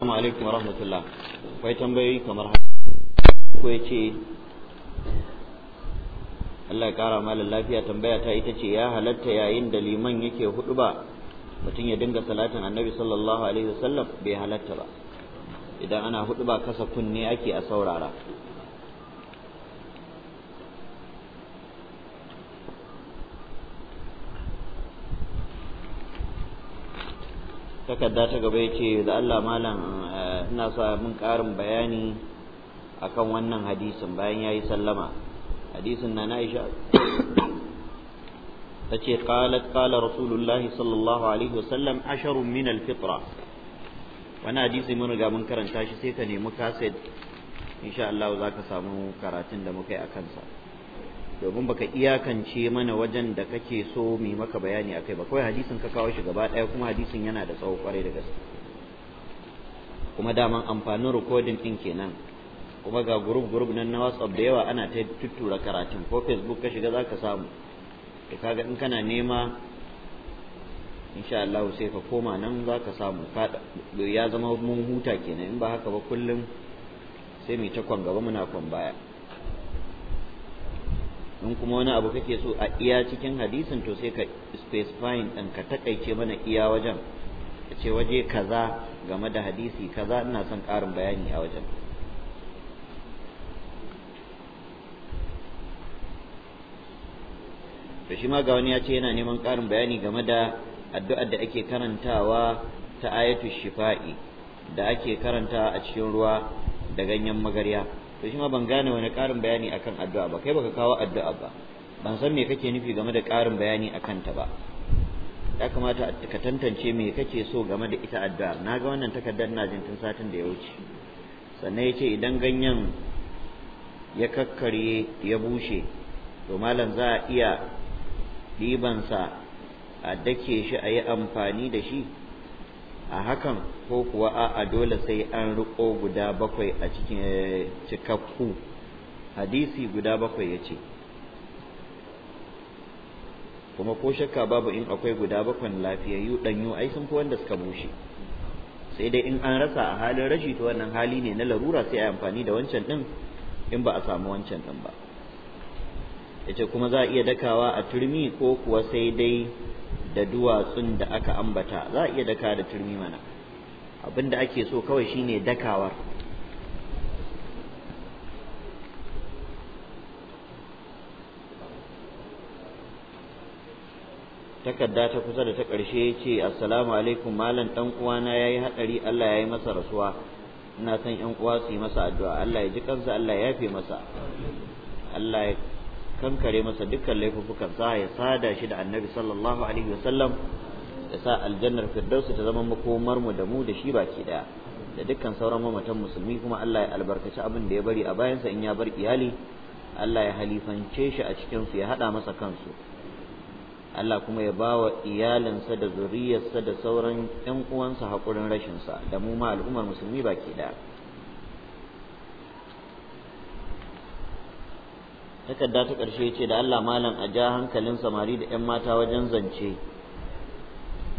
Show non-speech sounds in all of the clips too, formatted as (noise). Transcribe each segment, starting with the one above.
Assalamu alaikum wa rahmatullah. Akwai tambayoyi kamar haka. Ko yace ce, Allah ya kara malam lafiya tambaya ta ita ce ya halatta yayin da liman yake hudu ba mutum ya dinga salatin annabi sallallahu alaihi wasallam bai halatta ba. Idan ana hudu ba kasa kunne ake a saurara. takarda ta gaba yace da Allah malam eh, ina sa mun karin bayani akan wannan hadisin bayan yayi sallama hadisin na Aisha tace qalat qala rasulullahi sallallahu alaihi wasallam asharun min alfitra wani hadisi mun riga mun karanta shi sai ka nemi kaset insha Allah za ka samu karatun da muka yi a kansa domin baka iyakance mana wajen da kake so mai maka bayani akai ba kawai hadisin ka kawo shi gaba ɗaya kuma hadisin yana da tsawo kwarai da gaske kuma daman amfanin rikodin ɗin kenan kuma ga gurub gurub nan na whatsapp da yawa ana ta tuttura karatun ko facebook ka shiga za ka samu to kaga in kana nema insha Allah sai ka koma nan za ka samu ya zama mun huta kenan in ba haka ba kullum sai mai ta kwan gaba muna kwan baya in kuma wani abu kake so a iya cikin hadisin to sai ka specifying ɗin ka taƙaice mana iya wajen ka ce waje kaza game da hadisi kaza ina son ƙarin bayani a wajen to shi ma ga wani ya ce yana neman ƙarin bayani game da addu'ar da ake karantawa ta ayatu shifa'i da ake karantawa a cikin ruwa da ganyen magarya to shi ma ban gane wani karin bayani akan addu'a ba kai baka kawo addu'a ba ban san me kake nufi game da karin bayani akan ta ba ya kamata ka tantance me kake so game da ita addu'a na ga wannan takardar na jin tun satin da ya wuce sannan ya ce idan ganyen ya kakkarye ya bushe to malam za a iya dibansa a dake shi a yi amfani da shi a hakan ko kuwa a'a dole sai an riko guda bakwai a cikin eh, cikakku hadisi guda bakwai ya ce kuma ko shakka babu in akwai guda bakwan lafiyayyu ɗanyu ai sun fi wanda suka bushe sai dai in an rasa a halin rashi ta wannan hali ne na larura sai a amfani da wancan ɗin in ba a samu wancan ɗin ba yace kuma za a iya dakawa a turmi ko kuwa sai dai da duwatsun da aka ambata za a iya daka da turmi mana abin da ake so kawai shine dakawar takarda ta kusa da ta ƙarshe ya ce assalamu alaikum malam ɗan uwana ya yi haɗari allah ya yi masa rasuwa ina son 'yan uwa su yi masa addu'a allah ya ji kansa allah ya yafe masa allah ya kankare masa dukkan laifukan sa ya sada shi da annabi sallallahu alaihi wasallam ya sa aljannar firdausu ta zama makomar mu da mu da shi baki daya da dukkan sauran mamatan musulmi kuma Allah ya albarkaci abin da ya bari a bayansa in ya bar iyali Allah ya halifance shi a cikin su ya hada masa kansu Allah kuma ya bawa iyalinsa da zuriyarsa da sauran 'yan uwansa hakurin rashin sa da mu ma al'ummar musulmi baki daya takarda ta ƙarshe ce da Allah malam a ja hankalin samari da 'yan mata wajen zance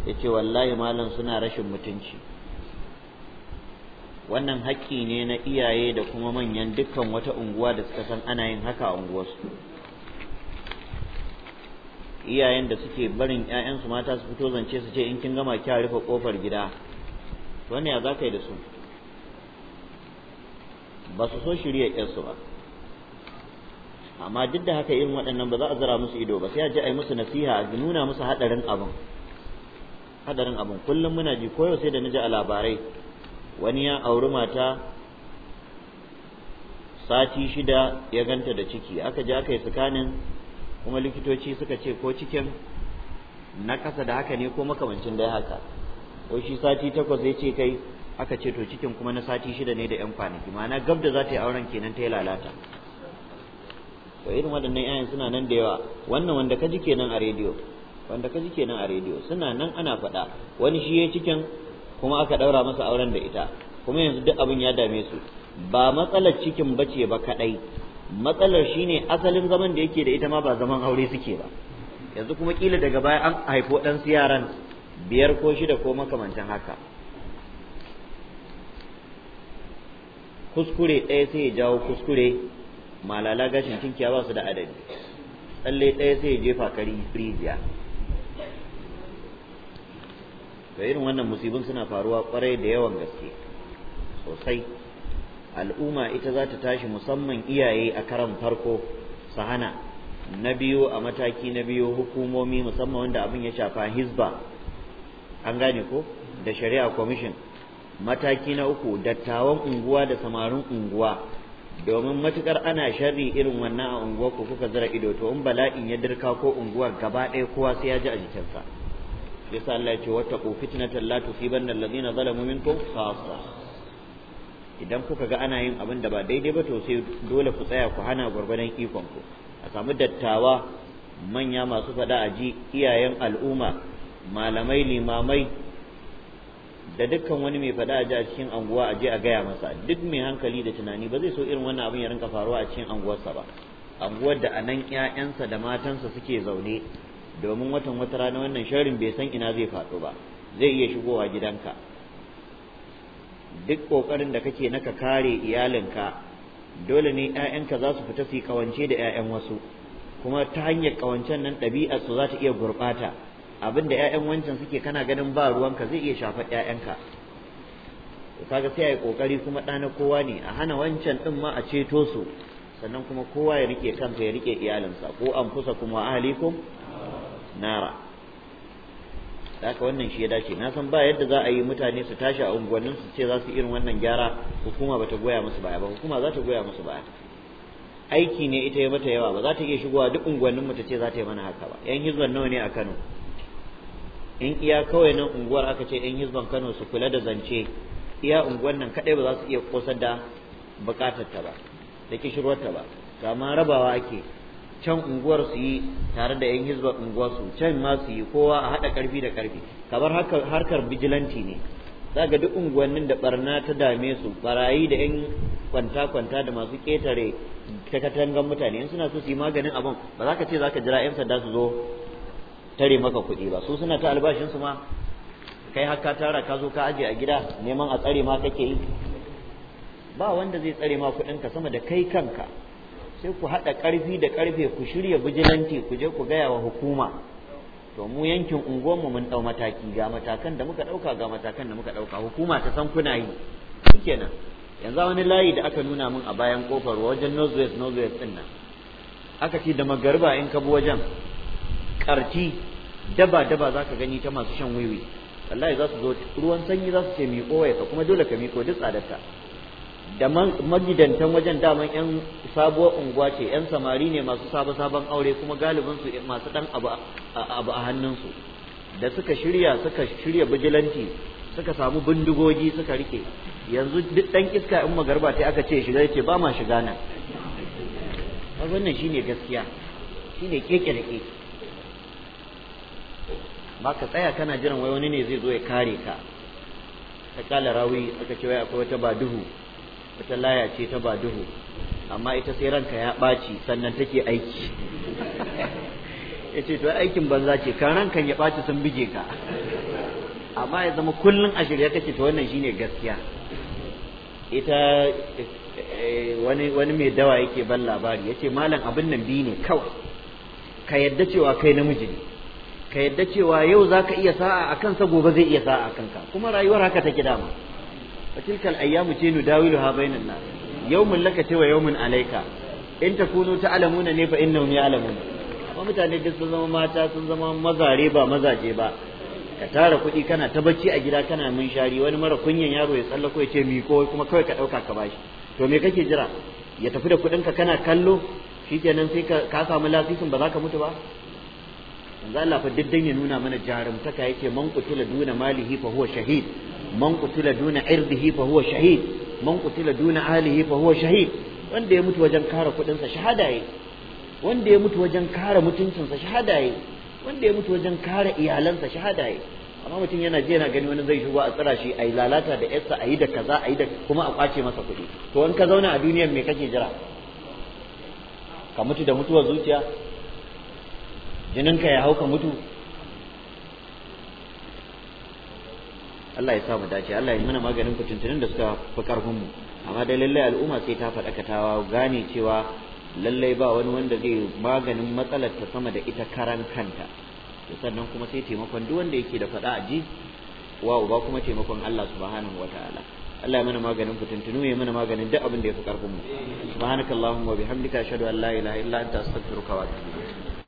ya ce wallahi malam suna rashin mutunci wannan haƙƙi ne na iyaye da kuma manyan dukkan wata unguwa da suka san ana yin haka a unguwarsu iyayen da suke barin 'ya'yansu mata su fito zance su ce in kin gama kya rufe kofar gida to ne ya za ka yi da su ba su so shirya 'yarsu ba amma duk da haka irin waɗannan ba za a zara musu ido ba sai a ji a yi musu nasiha a nuna musu haɗarin abin haɗarin abin kullum muna ji koyo sai da na ji a labarai wani ya auri mata sati shida ya ganta da ciki aka je aka yi sukanin kuma likitoci suka ce ko cikin na ƙasa da haka ne ko makamancin dai haka ko shi sati takwas ya ce kai aka ce to cikin kuma na sati shida ne da 'yan kwanaki ma'ana gab da za ta yi auren kenan ta yi lalata to irin waɗannan 'ya'yan suna nan da yawa wannan wanda ka ji kenan a rediyo wanda ka kenan a rediyo suna nan ana faɗa wani shi ya cikin kuma aka ɗaura masa auren da ita kuma yanzu duk abin ya dame su ba matsalar cikin bace ba kaɗai matsalar shine asalin zaman da yake da ita ma ba zaman aure suke ba yanzu kuma kila daga baya an haifo ɗansu yaran biyar ko shida ko makamancin haka kuskure ɗaya sai ya jawo kuskure malala gashin tinkiya ba su da adadi tsalle ɗaya sai ya jefa kari rijiya ga irin wannan musibin suna faruwa kwarai da yawan gaske sosai al'umma ita za ta tashi musamman iyaye a karan farko sahana na biyu a mataki na biyu hukumomi musamman wanda abin ya shafa Hisba. an gane ko da shari'a kwamishin, mataki na uku dattawan unguwa da samarin unguwa domin matukar ana sharri irin wannan a unguwar ku kuka zira ido to in bala'in ya dirka ko unguwar gaba ɗaya kowa sai ya ji a jikinsa sa Allah ya ce wata wattaqu fitnatan la tusibanna alladhina zalamu minkum khassa idan kuka ga ana yin abin da ba daidai ba to sai dole ku tsaya ku hana gwargwadon ikon ku a samu dattawa manya masu faɗa a ji iyayen al'umma malamai limamai da dukkan wani mai faɗa a ji a cikin anguwa a je a gaya masa duk mai hankali da tunani ba zai so irin wannan abin ya rinka faruwa a cikin anguwarsa ba anguwar da anan ƴaƴansa da matansa suke zaune domin watan wata rana wannan sharrin bai san ina zai faɗo ba zai iya shigowa gidanka duk ƙoƙarin da kake naka kare iyalinka dole ne ƴaƴanka za su fita su yi kawance da ƴaƴan wasu kuma ta hanyar kawancen nan ɗabi'ar su za ta iya gurɓata abin da ƴaƴan wancan suke kana ganin ba ruwanka zai iya shafar ƴaƴanka kaga sai ai kokari kuma ɗa na kowa ne a hana wancan din ma a ceto su sannan kuma kowa ya rike kansa ya rike iyalinsa ko an kusa kuma ahlikum nara haka wannan shi ya dace na san ba yadda za a yi mutane su tashi a unguwannin su ce za su irin wannan gyara hukuma bata goya musu baya ba hukuma za ta goya musu baya aiki ne ita ya mata yawa ba za ta iya shigowa duk unguwannin mu ta ce za ta yi mana haka ba yan hizban nawa ne a Kano in iya kawai nan unguwar aka ce yan hizban Kano su kula da zance iya unguwar nan kadai ba za su iya kosar da bukatar ta ba da kishirwar ta ba kama rabawa ake can unguwar su yi tare da yan hizban unguwar su can ma su yi kowa a haɗa karfi da karfi kamar harkar bijilanti ne za ga duk unguwannin da barna ta dame su barayi da yan kwanta-kwanta da masu ketare ta katangan mutane in suna so su yi maganin abin ba za ka ce za ka jira yan sanda su zo tare maka kuɗi ba su suna ta albashin su ma kai har ka tara ka zo ka aje a gida neman a tsare ma kake yi ba wanda zai tsare ma kuɗin ka sama da kai kanka sai ku haɗa ƙarfi da ƙarfe ku shirya bijilanti ku je ku gaya wa hukuma to mu yankin unguwanmu mun ɗau mataki ga matakan da muka ɗauka ga matakan da muka ɗauka hukuma ta san kuna yi shikenan yanzu wani layi da aka nuna min a bayan kofar wajen northwest northwest ɗin nan aka ce da magarba in ka bi wajen karti daba daba za ka gani ta masu shan wiwi wallahi za su zo ruwan sanyi za su ce miƙo waya kuma dole ka miƙo duk tsadarka da magidantan wajen daman yan sabuwar unguwa ce yan samari ne masu sabon sabon aure kuma galibin su masu dan abu a hannunsu da suka shirya suka shirya bijilanti suka samu bindigogi suka rike yanzu duk dan iska in magarba ta aka ce shiga yace ba ma shiga nan wannan shine gaskiya shine keke da keke ba ka tsaya kana jiran wai wani ne zai zo ya kare ka ta kala rawi aka ce wai akwai wata ba duhu wata laya ce ta ba duhu amma ita sai ranka ya ɓaci sannan take aiki (laughs) ya to aikin banza ce kan ranka ya ɓaci sun bige ka amma ya zama kullum a shirya kake to wannan shine gaskiya ita eh, wani wani mai dawa yake ban labari yace malam abin nan bi ne kawai ka yadda cewa kai namiji ne ka yadda cewa yau za ka iya sa'a a kansa gobe zai iya sa'a a kanka kuma rayuwar haka take dama فتلك الأيام تين داولها بين الناس يوم لك سوى ta عليك إن تكونوا تعلمون ne يعلمون amma mutane duk sun zama mata sun zama mazare ba mazaje ba ka tara kuɗi kana ta bacci a gida kana mun shari wani mara kunyan yaro ya tsallako ya ce mi ko kuma kawai ka ɗauka ka bashi to me kake jira ya tafi da kuɗinka kana kallo shikenan sai ka samu lasisin ba za ka mutu ba manzo Allah fa diddan ya nuna mana jarumtaka yake man qutila duna malihi fa huwa shahid man qutila duna irdihi fa huwa shahid man qutila duna alihi fa huwa shahid wanda ya mutu wajen kare kudin sa shahada yayi wanda ya mutu wajen kare mutuncin sa shahada yayi wanda ya mutu wajen kare iyalansa shahada yayi amma mutum yana je yana gani wani zai shigo a tsira shi a yi lalata da yarsa a yi da kaza a yi da kuma a kwace masa kuɗi to in ka zauna a duniyar me kake jira ka mutu da mutuwar zuciya jininka ya hauka mutu Allah ya sa mu dace Allah ya yi mana maganin tuntunin da suka fi karfin mu amma dai lallai al'umma sai ta faɗakatawa gane cewa lallai ba wani wanda zai maganin matsalar ta sama da ita karan kanta sannan kuma sai taimakon duk wanda yake da faɗa a ji wa uba kuma taimakon Allah subhanahu wataala Allah ya mana maganin fitintunu ya mana maganin duk abin da ya fi karfin mu subhanakallahumma wa bihamdika ashhadu an la ilaha illa anta astaghfiruka wa atubu ilaik